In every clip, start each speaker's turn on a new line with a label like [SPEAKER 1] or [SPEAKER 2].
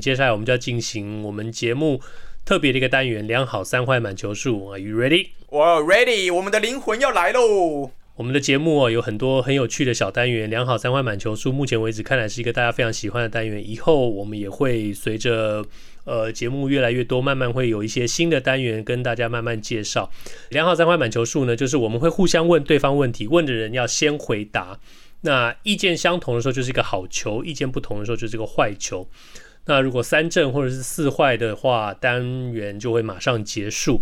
[SPEAKER 1] 接下來我們就要進行我們節目特別的一個單元——兩好三壞滿球數。Are you ready？
[SPEAKER 2] 我 ready，我們的靈魂要來嘍！
[SPEAKER 1] 我們的節目哦，有很多很有趣的小單元，兩好三壞滿球數，目前為止看來是一個大家非常喜歡的單元。以後我們也會隨着呃節目越來越多，慢慢會有一些新的單元跟大家慢慢介紹。兩好三壞滿球數呢，就是我們會互相問對方問題，問的人要先回答。那意見相同的時候就是一個好球，意見不同的時候就是一個壞球。那如果三振或者是四壞的話，單元就會馬上結束。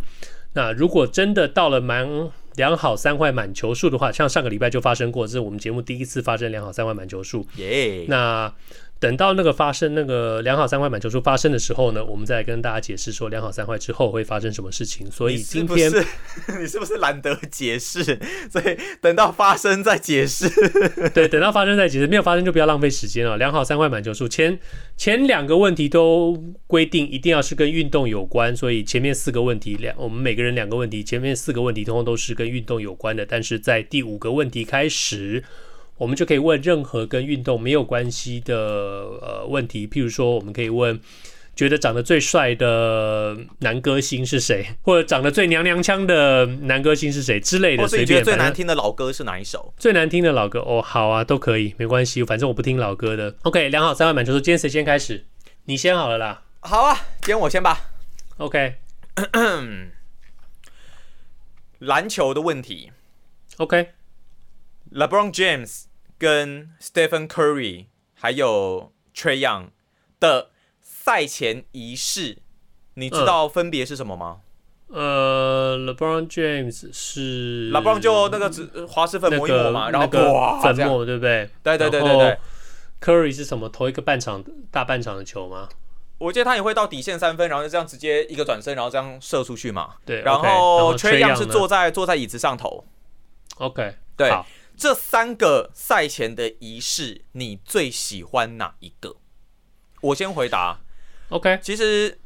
[SPEAKER 1] 那如果真的到了滿兩好三壞滿球數的話，像上個禮拜就發生過，這是我們節目第一次發生兩好三壞滿球數。耶，Yeah. 那。等到那個發生那個兩好三壞滿球數發生的時候呢，我們再跟大家解釋說兩好三壞之後會發生什麼事情。所以今天
[SPEAKER 2] 你是不是懶得解釋？所以等到發生再解
[SPEAKER 1] 釋。 對，等到發生再解釋，沒有發生就不要浪費時間了。兩好三壞滿球數前前兩個問題都規定一定要是跟運動有關，所以前面四個問題兩我們每個人兩個問題，前面四個問題通通都是跟運動有關的，但是在第五個問題開始。我們就可以問任何跟運動沒有關係的呃問題，譬如說，我們可以問覺得長得最帥的男歌星是誰，或者長得最娘娘腔的男歌星是誰之類的。或者你覺得最難聽的老歌是哪一首？最難聽的老歌哦，好啊，都可以，沒關係，反正我不聽老歌的。OK，兩好三壞滿球數，今天誰先開始？你先好了啦。好啊，今天我先吧。OK，咳咳
[SPEAKER 2] 籃球的問題。OK。LeBron James 跟 Stephen Curry 還有 Trae Young 的賽前儀式，你知道分別是什麼嗎？
[SPEAKER 1] 呃，LeBron James 是，LeBron 就那個只滑石粉磨一磨嘛，然後跟粉末對不對？對對對對對。Curry 是什麼？投一個半場大半場的球嗎？
[SPEAKER 2] 我記得他也會到底線三分，然後就這樣直接一個轉身，然後這樣射出去嘛。對。然後 Trae Young 是坐在坐在椅子上頭，OK，對。這三個賽前的儀式，你最喜歡哪一個？我先回答，OK。其實。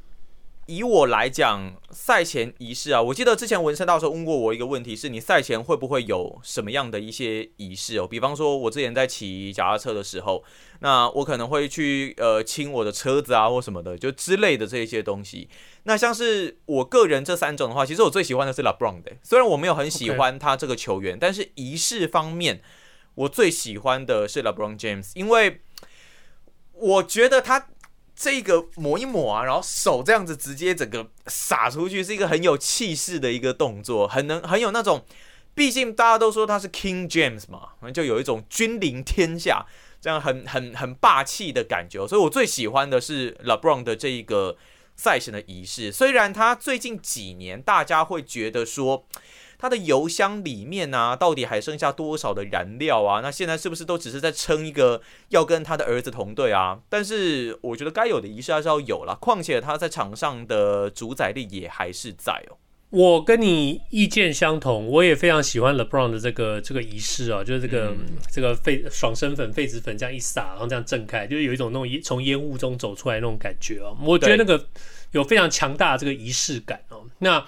[SPEAKER 2] 以我來講，賽前儀式啊，我記得之前文生大叔問過我一個問題，是你賽前會不會有什麼樣的一些儀式哦？比方說，我之前在騎腳踏車的時候，那我可能會去呃清我的車子啊，或什麼的，就之類的這一些東西。那像是我個人這三種的話，其實我最喜歡的是 LeBron 的，雖然我沒有很喜歡他這個球員，Okay. 但是儀式方面，我最喜歡的是 LeBron James，因為我覺得他。這個抹一抹啊，然後手這樣子直接整個撒出去，是一個很有氣勢的一個動作，很能很有那種，畢竟大家都說他是 King James 嘛，就有一種君臨天下這樣很很很霸氣的感覺，所以我最喜歡的是 LeBron 的這一個賽前的儀式，雖然他最近幾年大家會覺得說。他的油箱裡面啊，到底還剩下多少的燃料啊？那現在是不是都只是在撐一個要跟他的兒子同隊啊？但是我覺得該有的儀式還是要有了。況且他在場上的主宰力也還是在哦。
[SPEAKER 1] 我跟你意見相同，我也非常喜歡 LeBron 的這個這個儀式啊，就是這個、嗯、這個痱爽身粉、痱子粉這樣一撒，然後這樣震開，就是有一種那種從煙霧中走出來的那種感覺啊。我覺得那個有非常強大的這個儀式感哦、啊。對那。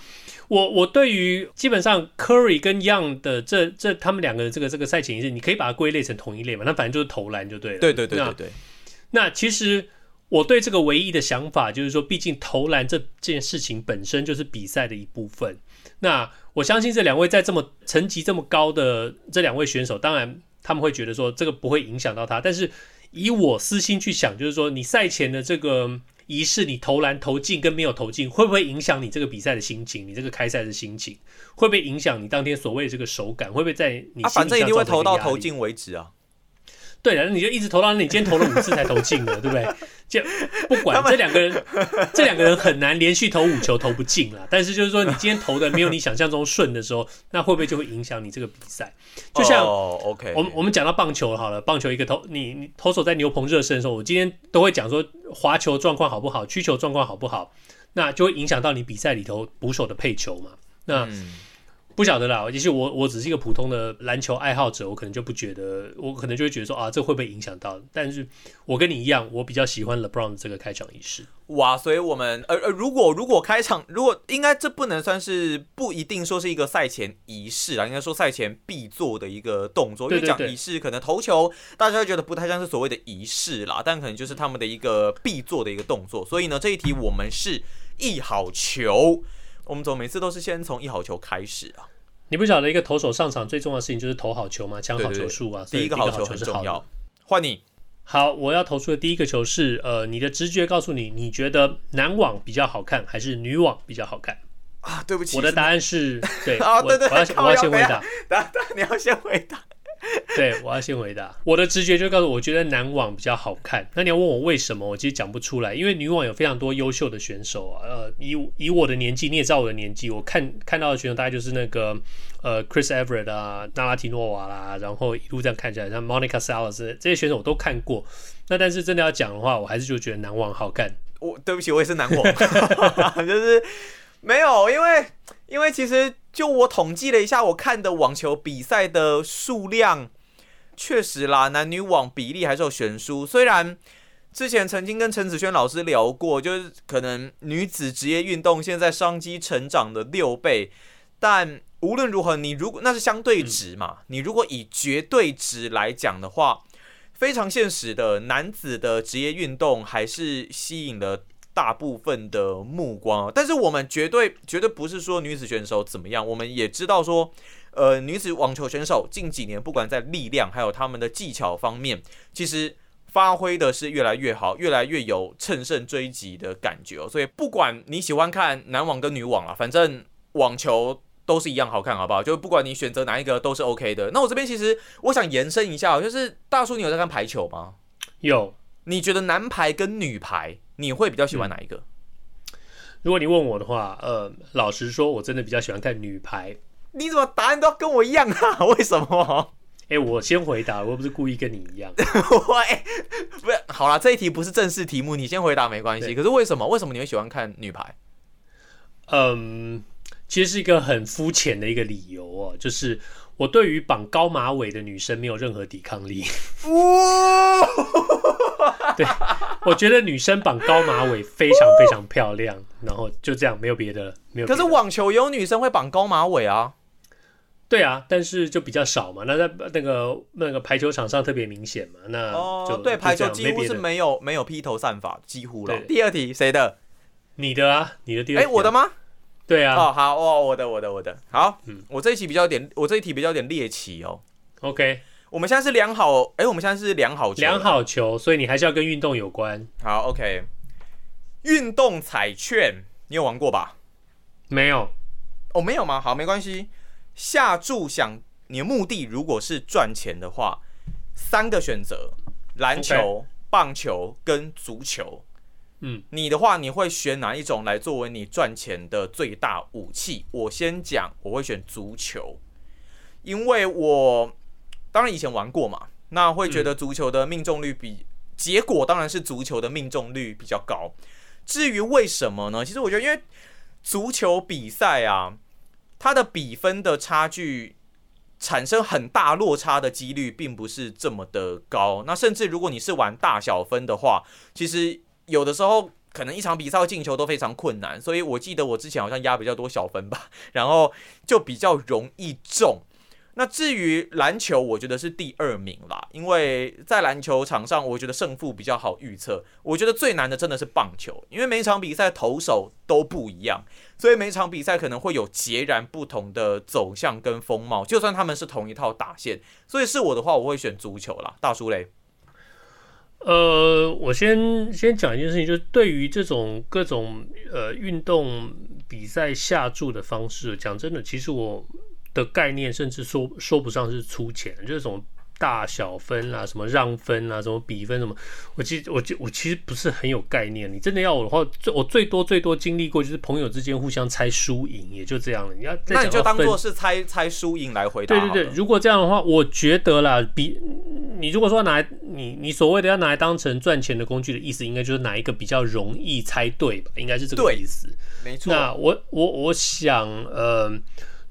[SPEAKER 1] 我我對於基本上 Curry 跟 Young 的這這他們兩個這個這個賽前儀式，你可以把它歸類成同一類嘛？那反正就是投籃就對了。對對對對對。那，那其實我對這個唯一的想法就是說，畢竟投籃這件事情本身就是比賽的一部分。那我相信這兩位在這麼層級這麼高的這兩位選手，當然他們會覺得說這個不會影響到他。但是以我私心去想，就是說你賽前的這個。儀式，你投籃投進跟沒有投進，會不會影響你這個比賽的心情？你這個開賽的心情，會不會影響你當天所謂這個手感？會不會在你心裡，啊，反正一定會投到投進為止啊？對的，那你就一直投到你今天投了五次才投進了， 對不對？就不管他們 這兩個人， 這兩個人很難連續投五球投不進了。但是就是說，你今天投的沒有你想象中順的時候， 那會不會就會影響你這個比賽？就像，oh, okay. 我們我們講到棒球好了，棒球一個投，你你投手在牛棚熱身的時候，我今天都會講說滑球狀況好不好，曲球狀況好不好，那就會影響到你比賽裡頭捕手的配球嘛。那。嗯不曉得啦，也許我我只是一個普通的籃球愛好者，我可能就不覺得，我可能就會覺得說啊，這會不會影響到？但是我跟你一樣，我比較喜歡 LeBron 這個開場儀式。哇，所以我們呃呃，如果如果開場，如果應該這不能算是，不一定
[SPEAKER 2] 說是一個賽前儀式啊，應該說賽前必做的一個動作。對對對。因為講儀式可能投球，大家會覺得不太像是所謂的儀式啦，但可能就是他們的一個必做的一個動作。所以呢，這一題我們是一好球。我們總每次都是先從一好球開始啊？
[SPEAKER 1] 你不曉得一個投手上場最重要的事情就是投好球嘛？搶好球數啊，對對對，第一個好球很重要。換你，好，我要投出的第一個球是，呃，你的直覺告訴你，你覺得男網比較好看還是女網比較好看？啊，對不起，我的答案是，是對。我。對對，我要先回答，
[SPEAKER 2] 答答，你要先回答。
[SPEAKER 1] 對，我要先回答。我的直覺就告訴我，我覺得男網比較好看。那你要問我為什麼，我其實講不出來，因為女網有非常多優秀的選手啊。呃，以以我的年紀，你也知道我的年紀，我看看到的選手大概就是那個呃，Chris Evert 啊，娜拉提諾瓦啦，然後一路這樣看起來像 Monica Salas 這些選手我都看過。那但是真的要講的話，我還是就覺得男網好看。我對不起，我也是男網， 就是
[SPEAKER 2] 沒有，因為因為其實。就我統計了一下，我看的網球比賽的數量，確實啦，男女網比例還是有懸殊。雖然之前曾經跟陳子軒老師聊過，就是可能女子職業運動現在商機成長的六倍，但無論如何，你如果那是相對值嘛，嗯、你如果以絕對值來講的話，非常現實的，男子的職業運動還是吸引了。大部分的目光，但是我們絕對絕對不是說女子選手怎麼樣，我們也知道說，呃，女子網球選手近幾年不管在力量還有他們的技巧方面，其實發揮的是越來越好，越來越有乘勝追擊的感覺喔。所以不管你喜歡看男網跟女網啊，反正網球都是一樣好看，好不好？就不管你選擇哪一個都是 OK 的。那我這邊其實我想延伸一下喔，就是大叔，你有在看排球嗎？有，你覺得男排跟女排？你會比較
[SPEAKER 1] 喜歡哪一個，嗯？如果你問我的話，呃，老實說，我真的比較喜歡看女排。你怎麼答案都跟我一樣啊？為什麼？哎，欸，我先回答，我又不是故意跟你一樣。
[SPEAKER 2] 喂、 欸，不是，好了，這一題不是正式題目，你先回答沒關係。對可
[SPEAKER 1] 是為什麼？為什麼你會喜歡看女排？嗯，其實是一個很膚淺的一個理由哦，就是我對於綁高馬尾的女生沒有任何抵抗力。哇，哦， 對。我覺得女生綁高馬尾非常非常漂亮，然後就這樣，沒有別的，沒有別的。可是網球也有女生會綁高馬尾啊？對啊，但是就比較少嘛。那在那個那個排球場上特別明顯嘛。那哦，就對，排球幾乎是
[SPEAKER 2] 沒有沒有披頭散髮，幾乎了。第二題誰的？你的啊，你的第二題。哎，我的嗎？對啊。哦，好，哦，我的，我的，我的。好，嗯，我這一題比較點，我這一題比較點獵奇哦。OK。我們現在是兩好，哎、欸，我們現在是兩好球，兩好
[SPEAKER 1] 球，所以你還是要跟運動有關。
[SPEAKER 2] 好，OK，運動彩券，你有玩過吧？沒有，哦，沒有嗎？好，沒關係。下注想你的目的，如果是賺錢的話，三個選擇：籃球、Okay 棒球跟足球。嗯，你的話，你會選哪一種來作為你賺錢的最大武器？我先講，我會選足球，因為我。當然以前玩過嘛，那會覺得足球的命中率比、嗯、結果當然是足球的命中率比較高。至於為什麼呢？其實我覺得因為足球比賽啊，它的比分的差距產生很大落差的幾率並不是這麼的高。那甚至如果你是玩大小分的話，其實有的時候可能一場比賽或進球都非常困難。所以我記得我之前好像壓比較多小分吧，然後就比較容易中。那至於籃球，我覺得是第二名啦，因為在籃球場上，我覺得勝負比較好預測。我覺得最難的真的是棒球，因為每場比賽投手都不一樣，所以每場比賽可能會有截然不同的走向跟風貌，就算他們是同一套打線。所以是我的話，我會選足球啦，大叔嘞。
[SPEAKER 1] 呃，我先先講一件事情，就是對於這種各種呃運動比賽下注的方式，講真的，其實我。的概念，甚至說說不上是粗淺，就是什麼大小分啊，什麼讓分啊，什麼比分什麼，我其實我就我其實不是很有概念。你真的要我的話，我最多最多經歷過就是朋友之間互相猜輸贏，也就這樣了。你要那你就當做是
[SPEAKER 2] 猜猜輸贏來回答。對對對，
[SPEAKER 1] 如果這樣的話，我覺得啦，比你如果說拿你你所謂的要拿來當成賺錢的工具的意思，應該就是哪一個比較容易猜對吧？應該是這個意思，沒錯。那我我我想，嗯。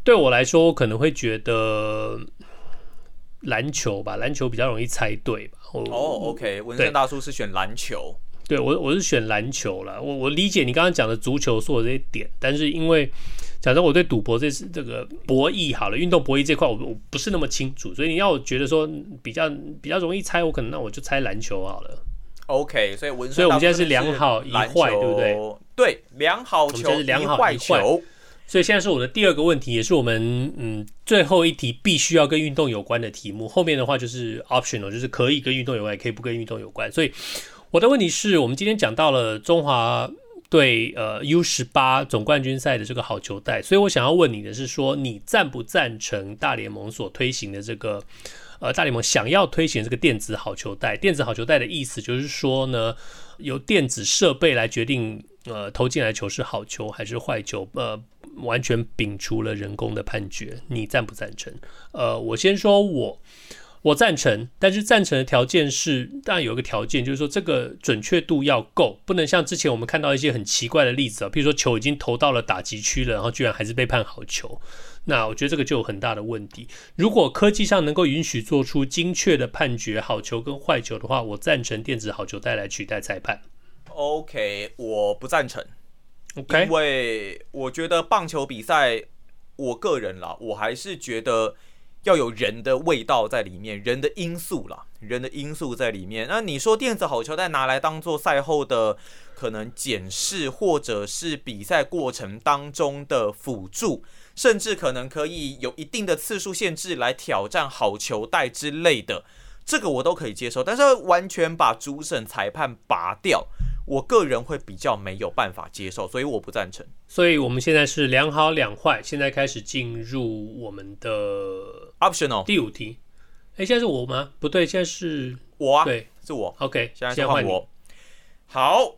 [SPEAKER 1] 對我來說，我可能會覺得籃球吧，籃球比較容易猜對吧？哦
[SPEAKER 2] ，oh，OK，文生大叔是選籃球，
[SPEAKER 1] 對我我是選籃球了。我我理解你剛剛講的足球說的這些點，但是因為講真，我對賭博這次這個博弈好了，運動博弈這塊我我不是那麼清楚，所以你要我覺得說比較比較容易猜，我可能那我就猜籃球好
[SPEAKER 2] 了。OK，所以文生大叔，所以我們
[SPEAKER 1] 現在是兩好一壞，籃球，對不對？
[SPEAKER 2] 對，兩好球，一壞球。我
[SPEAKER 1] 所以現在是我的第二個問題，也是我們嗯最後一題必須要跟運動有關的題目。後面的話就是 optional，就是可以跟運動有關，也可以不跟運動有關。所以我的問題是我們今天講到了中華隊，呃 U 十八總冠軍賽的這個好球帶。所以我想要問你的是說，你贊不贊成大聯盟所推行的這個呃大聯盟想要推行這個電子好球帶？電子好球帶的意思就是說呢，由電子設備來決定呃投進來球是好球還是壞球呃。完全摒除了人工的判決，你贊不贊成？呃，我先說我，我我贊成，但是贊成的條件是，當然有一個條件，就是說這個準確度要夠，不能像之前我們看到一些很奇怪的例子啊，比如說球已經投到了打擊區了，然後居然還是被判好球，那我覺得這個就有很大的問題。如果科技上能夠允許做出精確的判決，好球跟壞球的話，我贊成電子好球帶來取代裁判。
[SPEAKER 2] OK，我不贊成。Okay? 因為我覺得棒球比賽，我個人啦，我還是覺得要有人的味道在裡面，人的因素啦，人的因素在裡面。那你說電子好球袋拿來當做賽後的可能檢視，或者是比賽過程當中的輔助，甚至可能可以有一定的次數限制來挑戰好球帶之類的，這個我都可以接受。但是完全把主審裁判拔掉，我個人會比較沒有辦法接受，所以我不贊成。
[SPEAKER 1] 所以我們現在是兩好兩壞，現在開始進入我們的 optional 第五題。哎，現在是我嗎？不對，現在是我啊，對，是我。OK，現在先換我。好，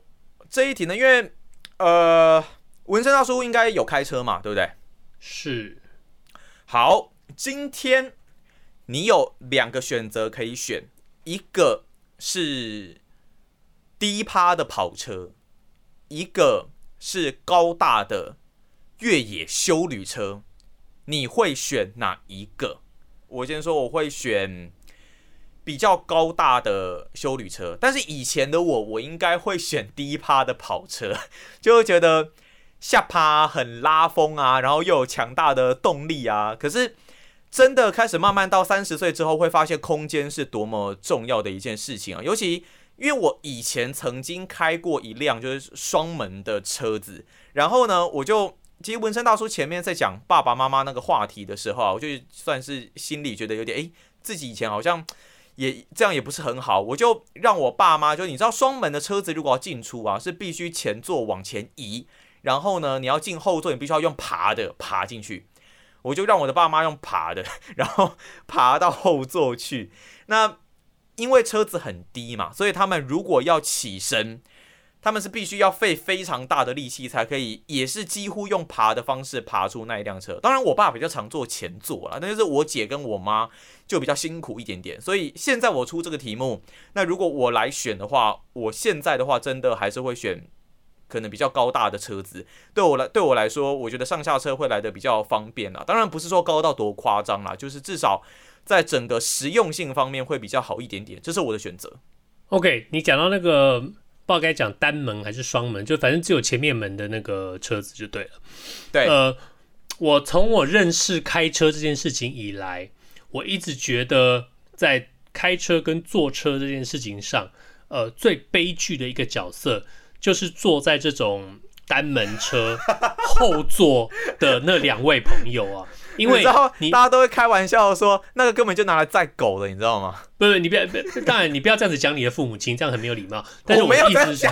[SPEAKER 1] 這一題
[SPEAKER 2] 呢，因為呃，文生大叔應該有開車嘛，對不對？是。好，今天你有兩個選擇可以選，一個是。低趴的跑車，一個是高大的越野休旅車，你會選哪一個？我先說，我會選比較高大的休旅車。但是以前的我，我應該會選低趴的跑車，就會覺得下趴很拉風啊，然後又有強大的動力啊。可是真的開始慢慢到三十歲之後，會發現空間是多麼重要的一件事情啊，尤其。因為我以前曾經開過一輛就是雙門的車子，然後呢，我就其實文生大叔前面在講爸爸媽媽那個話題的時候，啊，我就算是心裡覺得有點誒、欸，自己以前好像也這樣也不是很好，我就讓我爸媽就你知道雙門的車子，如果要進出啊是必須前座往前移，然後呢，你要進後座你必須要用爬的爬進去，我就讓我的爸媽用爬的，然後爬到後座去，那。因為車子很低嘛，所以他們如果要起身，他們是必須要費非常大的力氣才可以，也是幾乎用爬的方式爬出那一輛車。當然，我爸比較常坐前座啦，那就是我姐跟我媽就比較辛苦一點點。所以現在我出這個題目，那如果我來選的話，我現在的話真的還是會選可能比較高大的車子。對我來，對我來說，我覺得上下車會來得比較方便啊。當然不是說高到多誇張啦，就是至少。在整個實用性方面會比較好一
[SPEAKER 1] 點點，這是我的選擇。OK，你講到那個，不知道該講單門還是雙門，就反正只有前面門的那個車子就對了。對，呃，我從我認識開車這件事情以來，我一直覺得在開車跟坐車這件事情上，呃，最悲劇的一個角色就是坐在這種單門車後座的那兩位朋友啊。 因為大家都會開玩笑說，那個根本就拿來載狗的，你知道嗎？不是，你不要不，當然你不要這樣子講你的父母親， 這樣很沒有禮貌。但是我沒有意思是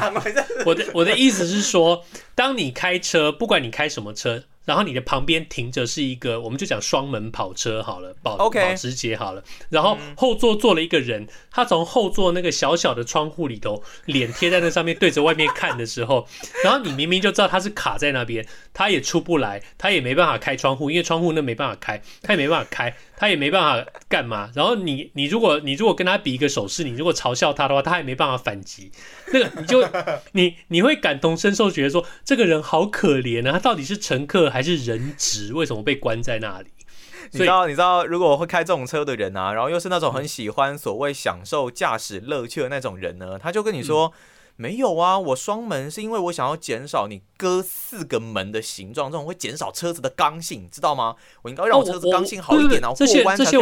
[SPEAKER 1] 我的我的意思是說，當你開車，不管你開什麼車。然後你的旁邊停着是一個，我們就講雙門跑車好了，保保時捷好了。然後後座坐了一個人，他從後座那個小小的窗戶裡頭，臉貼在那上面對着外面看的時候， 然後你明明就知道他是卡在那邊，他也出不來，他也沒辦法開窗戶，因為窗戶那沒辦法開，他也沒辦法開，他也沒辦法幹嘛。然後你你如果你如果跟他比一個手勢，你如果嘲笑他的話，他也沒辦法反擊。那個你就你你會感同身受，覺得說，這個人好可憐啊，他到底是乘客，還是人質？為什麼被關在那裡？你知道，
[SPEAKER 2] 你知道，如果我會開這種車的人啊，然後又是那種很喜歡所謂享受駕駛樂趣的那種人呢，他就跟你說：“嗯、沒有啊，我雙門是因為我想要減少你割四個門的形狀，這種會減少車子的剛性，知道嗎？
[SPEAKER 1] 我應該讓我車子剛性好一點，然後過關才些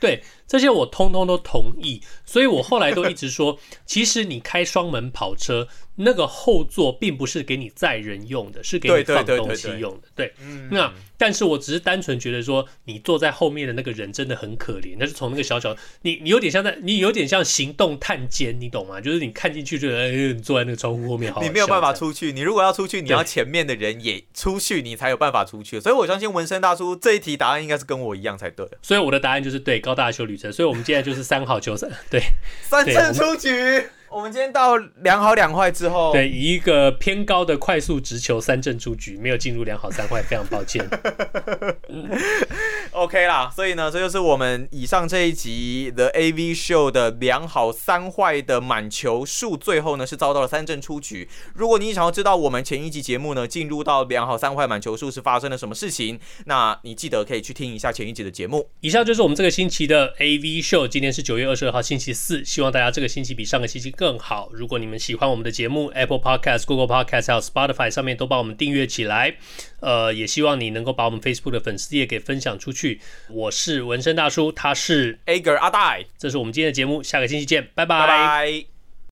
[SPEAKER 1] 對，這些我通通都同意，所以我後來都一直說， 其實你開雙門跑車，那個後座並不是給你載人用的，是給你放東西用的。對。嗯。那但是我只是單純覺得說，你坐在後面的那個人真的很可憐。那是從那個小小，你你有點像在，你有點像行動探監，你懂嗎？就是你看進去就覺得，哎呃、坐在那個窗戶後面好好，你沒有辦法
[SPEAKER 2] 出去。你如果要出去，你要前面的人也出去，你才有辦法出去。對所以我相信文生大叔
[SPEAKER 1] 這一題答案應該是跟我一樣才對。所以我的答案就是對。大修旅程，所以我們現在就是三好球神，對， 三振出
[SPEAKER 2] 局。我們今天到兩好兩壞之後，對，
[SPEAKER 1] 一個偏高的快速直球三振出局，沒有進入兩好三壞，非常抱歉。 嗯、
[SPEAKER 2] OK 啦，所以呢，這就是我們以上這一集的 AV Show 的兩好三壞的滿球數，最後呢是遭到了三振出局。如果你想要知道我們前一集節目呢進入到兩好三壞滿球數是發生了什麼事情，那你
[SPEAKER 1] 記得可以去聽一下前一集的節目。以上就是我們這個星期的 AV Show，今天是九月二十二號星期四，希望大家這個星期比上個星期。更好。如果你們喜歡我們的節目，Apple Podcast、Google Podcasts，還有 Spotify 上面都幫我們訂閱起來。呃，也希望你能夠把我們 Facebook 的粉絲頁給分享出去。我是文生大叔，他是 Ager 阿呆，這是我們今天的節目，下個星期見，拜拜。Bye bye.